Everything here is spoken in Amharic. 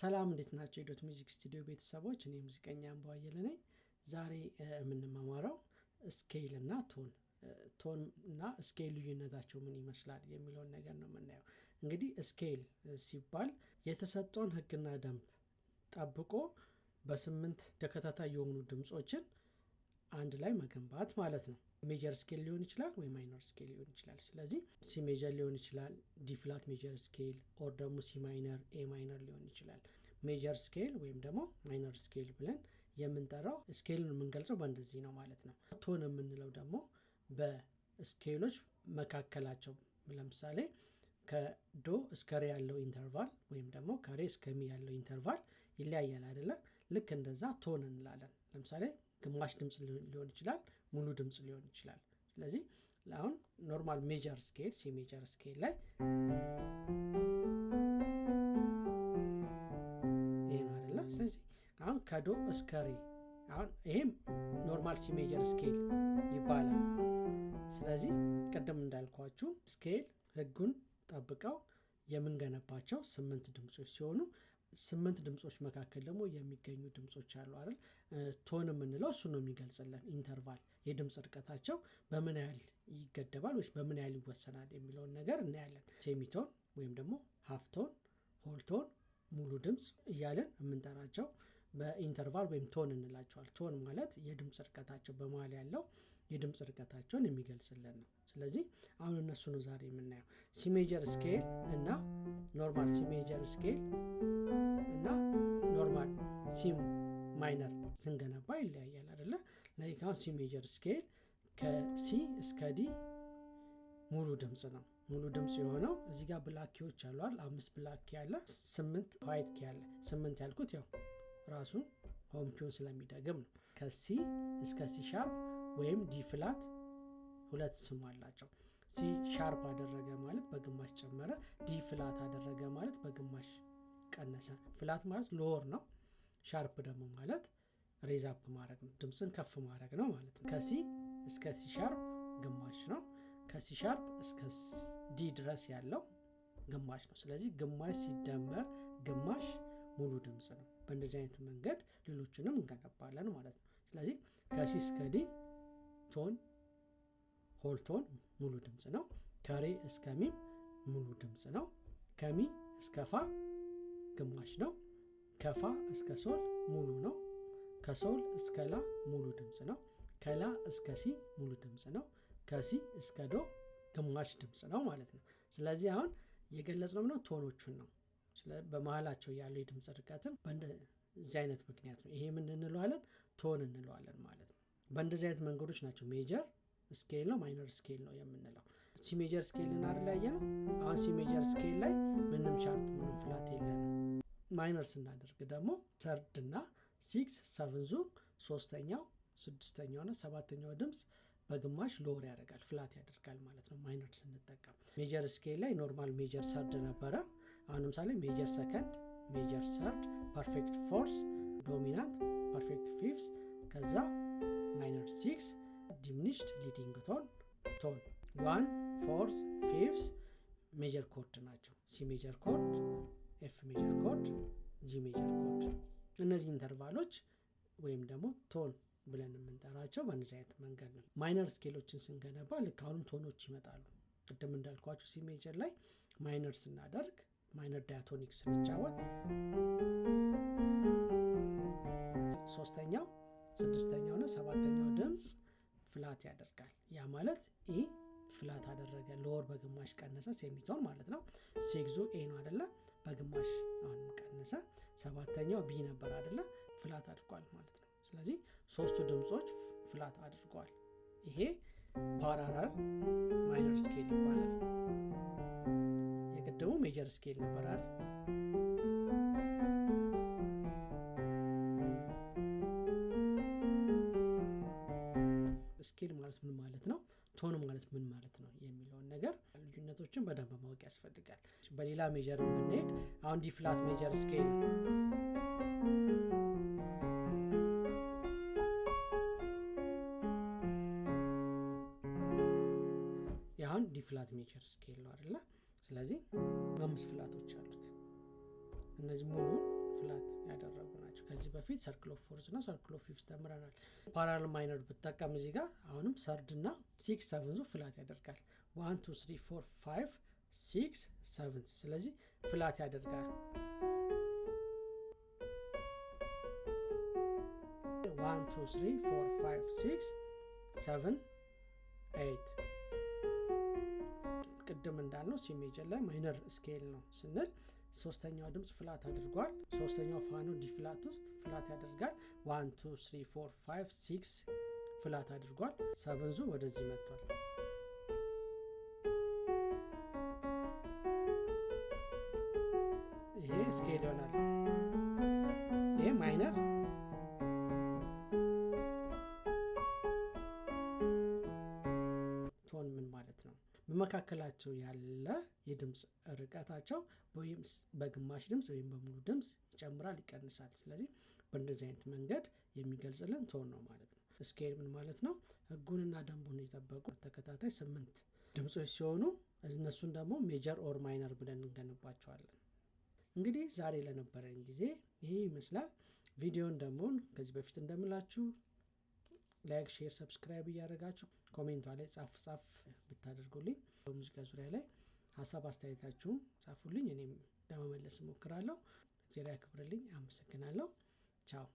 ሰላም እንዴት ናቸው? የዶት ሚዚክ ስቱዲዮ ቤተሰቦች፣ እኔ ሙዚቀኛ አንበዋየለ ነኝ። ዛሬ የምንማማረው ስኬል እና ቶን ቶን እና ስኬል ልዩነታቸው ምን ይመስላል የሚለውን ነገር ነው የምናየው። እንግዲህ ስኬል ሲባል የተሰጠውን ህግና ደንብ ጠብቆ በስምንት ተከታታይ የሆኑ ድምፆችን አንድ ላይ መገንባት ማለት ነው። ሜጀር ስኬል ሊሆን ይችላል ወይ ማይነር ስኬል ሊሆን ይችላል። ስለዚህ ሲ ሜጀር ሊሆን ይችላል፣ ዲፍላት ሜጀር ስኬል ኦር ደግሞ ሲ ማይነር፣ ኤ ማይነር ሊሆን ይችላል። ሜጀር ስኬል ወይም ደግሞ ማይነር ስኬል ብለን የምንጠራው ስኬልን የምንገልጸው በእንደዚህ ነው ማለት ነው። ቶን የምንለው ደግሞ በስኬሎች መካከላቸው ለምሳሌ ከዶ እስከ ሬ ያለው ኢንተርቫል ወይም ደግሞ ከሬ እስከ ሚ ያለው ኢንተርቫል ይለያያል አይደለ? ልክ እንደዛ ቶን እንላለን። ለምሳሌ ግማሽ ድምፅ ሊሆን ይችላል፣ ሙሉ ድምፅ ሊሆን ይችላል። ስለዚህ አሁን ኖርማል ሜጀር ስኬል ሲ ሜጀር ስኬል ላይ ይሄ ነው አደለ? ስለዚህ አሁን ከዶ እስከ ሬ አሁን ይሄም ኖርማል ሲ ሜጀር ስኬል ይባላል። ስለዚህ ቅድም እንዳልኳችሁ ስኬል ህጉን ጠብቀው የምንገነባቸው ስምንት ድምፆች ሲሆኑ ስምንት ድምፆች መካከል ደግሞ የሚገኙ ድምፆች አሉ አይደል? ቶን የምንለው እሱ ነው የሚገልጽልን ኢንተርቫል፣ የድምፅ እርቀታቸው በምን ያህል ይገደባል ወይ በምን ያህል ይወሰናል የሚለውን ነገር እናያለን። ሴሚቶን ወይም ደግሞ ሀፍቶን፣ ሆልቶን፣ ሙሉ ድምፅ እያለን የምንጠራቸው በኢንተርቫል ወይም ቶን እንላቸዋል። ቶን ማለት የድምፅ እርቀታቸው በመሀል ያለው የድምፅ እርቀታቸውን የሚገልጽልን ነው። ስለዚህ አሁን እነሱ ነው ዛሬ የምናየው ሲሜጀር ስኬል እና ኖርማል ሲሜጀር ስኬል እና ኖርማል ሲም ማይነር ስንገነባ ይለያያል አደለ? ላይክ አሁን ሲሜጀር ስኬል ከሲ እስከ ዲ ሙሉ ድምፅ ነው። ሙሉ ድምፅ የሆነው እዚህ ጋር ብላኪዎች አሏል። አምስት ብላኪ ያለ ስምንት ዋይት ኪ ያለ ስምንት ያልኩት ያው ራሱን ሆምኪውን ስለሚደግም ነው። ከሲ እስከ ሲ ሻርፕ ወይም ዲ ፍላት ሁለት ስም አላቸው። ሲ ሻርፕ አደረገ ማለት በግማሽ ጨመረ። ዲ ፍላት አደረገ ማለት በግማሽ ቀነሰ። ፍላት ማለት ሎወር ነው። ሻርፕ ደግሞ ማለት ሬዝ አፕ ማድረግ ነው፣ ድምፅን ከፍ ማድረግ ነው ማለት ነው። ከሲ እስከ ሲ ሻርፕ ግማሽ ነው። ከሲ ሻርፕ እስከ ዲ ድረስ ያለው ግማሽ ነው። ስለዚህ ግማሽ ሲደመር ግማሽ ሙሉ ድምፅ ነው። በእንደዚህ አይነት መንገድ ሌሎችንም እንገነባለን ማለት ነው። ስለዚህ ከሲ እስከ ዲ ቶን ሆል ቶን ሙሉ ድምፅ ነው። ከሬ እስከ ሚም ሙሉ ድምፅ ነው። ከሚ እስከ ፋ ግማሽ ነው። ከፋ እስከ ሶል ሙሉ ነው። ከሶል እስከ ላ ሙሉ ድምፅ ነው። ከላ እስከ ሲ ሙሉ ድምፅ ነው። ከሲ እስከ ዶ ግማሽ ድምፅ ነው ማለት ነው። ስለዚህ አሁን የገለጽ ነው ቶኖቹን ነው። በመሀላቸው ያለው የድምፅ ርቀትም በእንደዚህ አይነት ምክንያት ነው። ይሄ ምን እንለዋለን? ቶን እንለዋለን ማለት ነው። በእንደዚህ አይነት መንገዶች ናቸው ሜጀር ስኬል ነው ማይነር ስኬል ነው የምንለው። ሲሜጀር ሜጀር ስኬልን አደላየ ነው። አሁን ሲ ሜጀር ስኬል ላይ ምንም ሻርፕ ምንም ፍላት የለን ማይነር ስናደርግ ደግሞ ሰርድ እና ሲክስ ሰብንዙ ሶስተኛው ስድስተኛው ና ሰባተኛው ድምፅ በግማሽ ሎር ያደርጋል ፍላት ያደርጋል ማለት ነው ማይነር ስንጠቀም። ሜጀር ስኬል ላይ ኖርማል ሜጀር ሰርድ ነበረ። አሁን ለምሳሌ ሜጀር ሰከንድ፣ ሜጀር ሰርድ፣ ፐርፌክት ፎርስ፣ ዶሚናንት፣ ፐርፌክት ፊፍስ ከዛ ማይነር ሲክስ፣ ዲሚኒሽድ፣ ሊዲንግ ቶን፣ ቶን ዋን፣ ፎርስ፣ ፊፍስ ሜጀር ኮርድ ናቸው። ሲ ሜጀር ኮርድ፣ ኤፍ ሜጀር ኮርድ፣ ጂ ሜጀር ኮርድ። እነዚህ ኢንተርቫሎች ወይም ደግሞ ቶን ብለን የምንጠራቸው በእነዚህ አይነት መንገድ ነው። ማይነር ስኬሎችን ስንገነባ ልክ አሁንም ቶኖች ይመጣሉ። ቅድም እንዳልኳቸው ሲ ሜጀር ላይ ማይነር ስናደርግ ማይነር ዳያቶኒክስ ብጫወት ሶስተኛው ስድስተኛውና ሰባተኛው ድምፅ ፍላት ያደርጋል። ያ ማለት ኢ ፍላት አደረገ፣ ሎወር በግማሽ ቀነሰ፣ ሴሚቶን ማለት ነው። ሴግዞ ኤ ነው አደለ? በግማሽ አሁን ቀነሰ። ሰባተኛው ቢ ነበር አደለ? ፍላት አድርጓል ማለት ነው። ስለዚህ ሶስቱ ድምፆች ፍላት አድርገዋል። ይሄ ፓራራል ማይነር ስኬል ይባላል። ደግሞ ሜጀር ስኬል ነበር አይደል? ስኬል ማለት ምን ማለት ነው? ቶን ማለት ምን ማለት ነው? የሚለውን ነገር ልዩነቶችን በደንብ ማወቅ ያስፈልጋል። በሌላ ሜጀር ብንሄድ አሁን ዲ ፍላት ሜጀር ስኬል አሁን ሜጀር ስኬል ነው አይደለ? ስለዚህ አምስት ፍላቶች አሉት። እነዚህ ሙሉ ፍላት ያደረጉ ናቸው። ከዚህ በፊት ሰርክል ፎርስ እና ሰርክል ፊፍስ ተምረናል። ፓራል ማይነር ብጠቀም እዚህ ጋር አሁንም ሰርድ እና ሲክስ ሰቨንዙ ፍላት ያደርጋል። ዋን ቱ ስሪ ፎር ፋይቭ ሲክስ ሰቨንስ ስለዚህ ፍላት ያደርጋል። ዋን ቱ ስሪ ፎር ፋይቭ ሲክስ ሰቨን ኤይት ቅድም እንዳልነው ሲ ሜጀር ላይ ማይነር ስኬል ነው ስንል ሶስተኛው ድምፅ ፍላት አድርጓል። ሶስተኛው ፋኖ ዲ ፍላት ውስጥ ፍላት ያደርጋል። ዋን ቱ ስሪ ፎር ፋይቭ ፍላት አድርጓል። ሰብንዙ ወደዚህ መጥቷል። ይሄ ስኬል ይሆናል። ይሄ ማይነር በመካከላቸው ያለ የድምፅ ርቀታቸው ወይም በግማሽ ድምፅ ወይም በሙሉ ድምፅ ይጨምራል፣ ይቀንሳል። ስለዚህ በእንደዚህ አይነት መንገድ የሚገልጽልን ቶን ነው ማለት ነው። ስኬል ምን ማለት ነው? ህጉንና ደንቡን የጠበቁ ተከታታይ ስምንት ድምፆች ሲሆኑ እነሱን ደግሞ ሜጀር ኦር ማይነር ብለን እንገነባቸዋለን። እንግዲህ ዛሬ ለነበረን ጊዜ ይህ ይመስላል። ቪዲዮን ደግሞ ከዚህ በፊት እንደምላችሁ ላይክ፣ ሼር፣ ሰብስክራይብ እያደረጋችሁ ኮሜንቷ ላይ ጻፍ ጻፍ ብታደርጉልኝ በሙዚቃ ዙሪያ ላይ ሀሳብ አስተያየታችሁን ጻፉልኝ፣ እኔም ለመመለስ እሞክራለሁ። እግዚአብሔር ያክብርልኝ። አመሰግናለሁ። ቻው